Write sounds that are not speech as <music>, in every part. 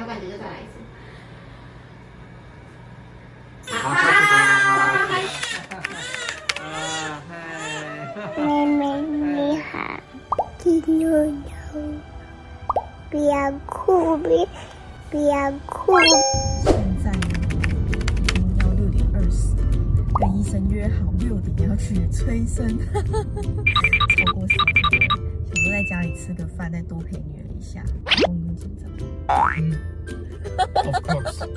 我感覺就再來一次。啊哈！啊哈！妹妹你好，金牛角，別哭別別哭。現在呢、啊、已經要六點二十，跟醫生約好六點要去催生。超過時間了，想說在家裡吃個飯，再多陪女兒一下，不用緊張。嗯 Of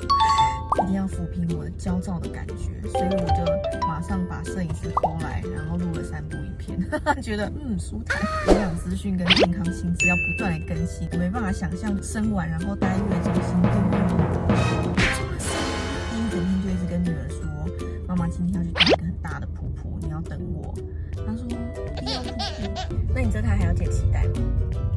一定要撫平我的焦躁的感覺，所以我就馬上把攝影師拖來，然後錄了三部影片， <laughs> 覺得嗯舒坦。營養資訊跟健康訊息要不斷的更新，我沒辦法想象生完然後待月子這個心境。嗯、我一整天就一直跟女兒說，媽媽今天要去打一個很大的瀑布，你要等我。她說，要、嗯、那你知道她還要剪臍帶嗎？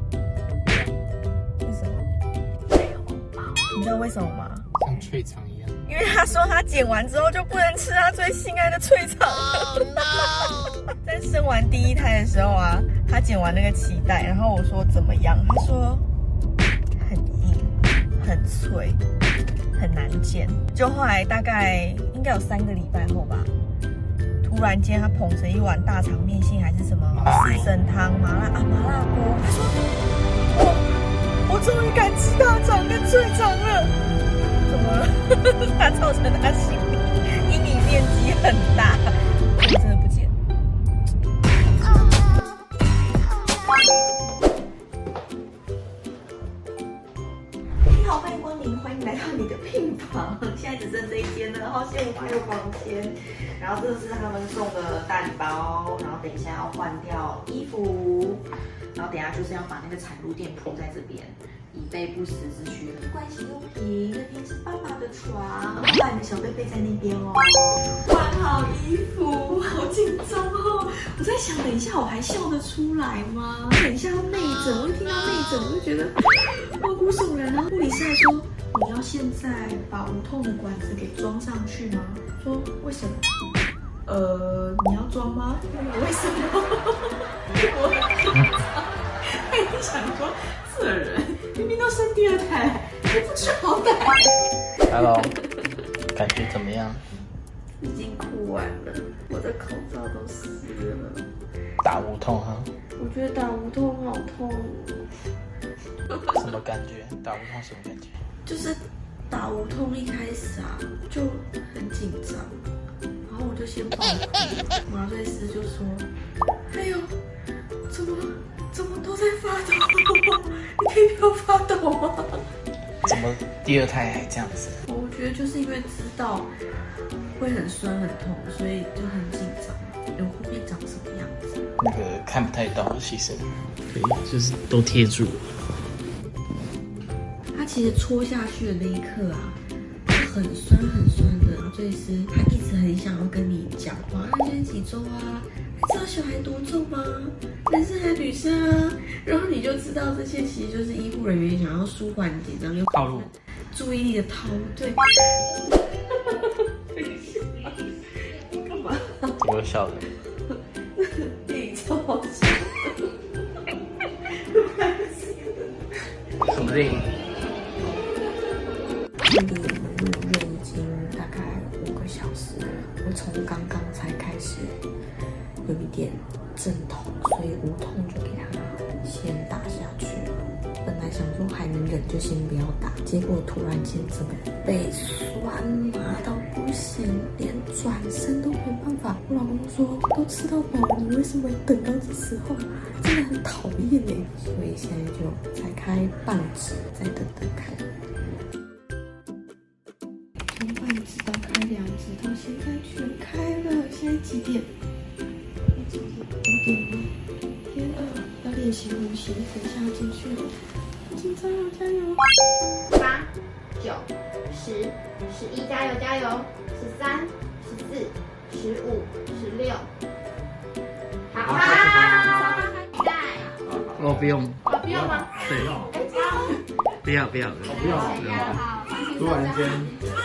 為什麼嘛？像脆腸一樣。因為他說他剪完之後，就不能吃他最心愛的脆腸了在、oh, no! <laughs> 生完第一胎的時候啊，他剪完那個臍帶，然後我說，怎麼樣？他說，很硬、很脆、很難剪。就後來大概應該有三個禮拜後吧，突然間他捧著一碗大腸麵線還是什麼四神湯麻辣、啊麻辣鍋，他說。我終於敢吃大腸跟脆腸了。怎麼了？呵呵，他造成他心裡陰影面積很大。我真的不見你、啊啊、好，歡迎光臨，歡迎來到你的病房。現在只剩這一間了，然後現在還有房間。然後這是他們送的大禮包，然後等一下要換掉衣服。然後等一下就是要把那個產褥墊鋪在這邊，以備不時之需。的關係，用品那邊是爸爸的床，爸爸的小貝貝在那邊哦。換好衣服，好緊張哦！我在想，等一下我還笑得出來嗎？等一下要內診，我聽到內診，我就覺得毛骨悚然啊！護理師還說，你要現在把無痛的管子給裝上去嗎？說，為什麼呃，你要裝嗎？為什麼？ <laughs> 我裝，他一定想裝。這人明明都生第二胎，還不知好歹。Hello，感覺怎麼樣？已經哭完了，我的口罩都濕了。打無痛哈、啊？我覺得打無痛好痛。什麼感覺？打無痛什麼感覺？就是打無痛一開始啊，就很緊張。我就先了。麻醉師就說：“哎呦，怎麼怎麼都在發抖、啊？你可以不要發抖嗎、啊？怎麼第二胎還這樣子、啊？”我覺得就是因為知道會很酸很痛，所以就很緊張。然後後面長什麼樣子？那個看不太到，其實對，就是都貼住。它其實戳下去的那一刻啊，很酸很酸。麻醉師他一直很想要跟你講話、啊，啊、要先幾週啊？知道小孩多重嗎？男生還是女生啊？然後你就知道這些，其實就是醫護人員想要舒緩緊張又套路，注意力的套路。對。哈哈哈哈哈哈！對不起，幹嘛？我又笑了。你超好笑。什麼電影？才開始有一點陣痛，所以無痛就給他先打下去，本來想說還能忍就先不要打，結果突然間怎麼被酸麻、啊、到不行，連轉身都沒辦法。我老公說都吃到飽了，你為什麼要等到這時候？真的很討厭哎，所以現在就拆開半指，再等等看。開，兩指到現在全開了現。現在幾點？五點嗎？天啊！有點心等一下要進去、啊哦。加油 8, 9, 10, 11, 加油！八九十十一，加油加油！十三十四十五十六，好啊！帶、啊。哦，不用。哦、不要不要不要不要不要。突然間。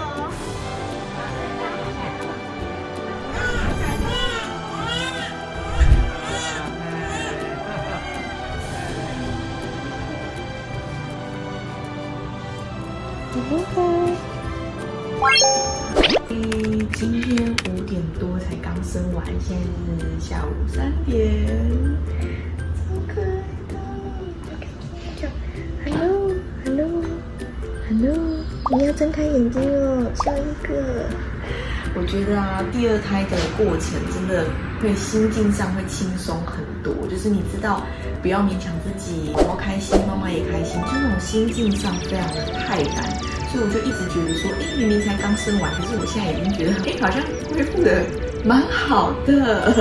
Oh. 今天五點多才剛生完，現在是下午三點。好可愛哦！你看 Hello，Hello，Hello，Hello，你要睜開眼睛哦，笑一個。我覺得啊，第二胎的過程真的會心境上會輕鬆很多，就是你知道不要勉強自己，要開心，媽媽也開心，就那種心境上非常的泰然。所以我就一直覺得說，誒，明明才剛生完，可是我現在已經覺得，誒，好像恢復的蠻好的，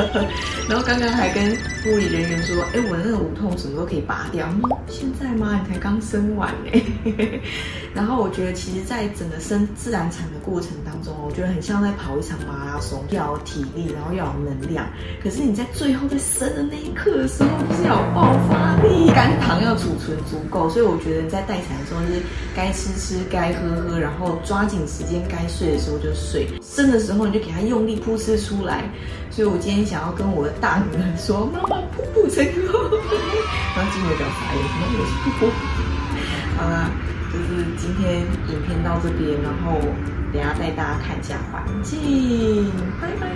然後剛剛還跟護理人員說，哎，我的那個無痛什麼都可以拔掉、嗯。現在嗎？你才剛生完哎、欸。 <laughs> 然後我覺得，其實在整個生自然產的過程當中，我覺得很像在跑一場馬拉松，要有體力，然後要有能量。可是你在最後在生的那一刻的時候，不是要爆發力，肝糖要儲存足夠。所以我覺得你在待產的時候是該吃吃，該喝喝，然後抓緊時間，該睡的時候就睡，生的時候你就給他用力 push。出來，所以我今天想要跟我的大女兒說：“媽媽，瀑布成功。 <laughs> 表”然後記者要發言，我是瀑布好了，就是今天影片到這邊，然後等一下帶大家看一下環境，拜拜。”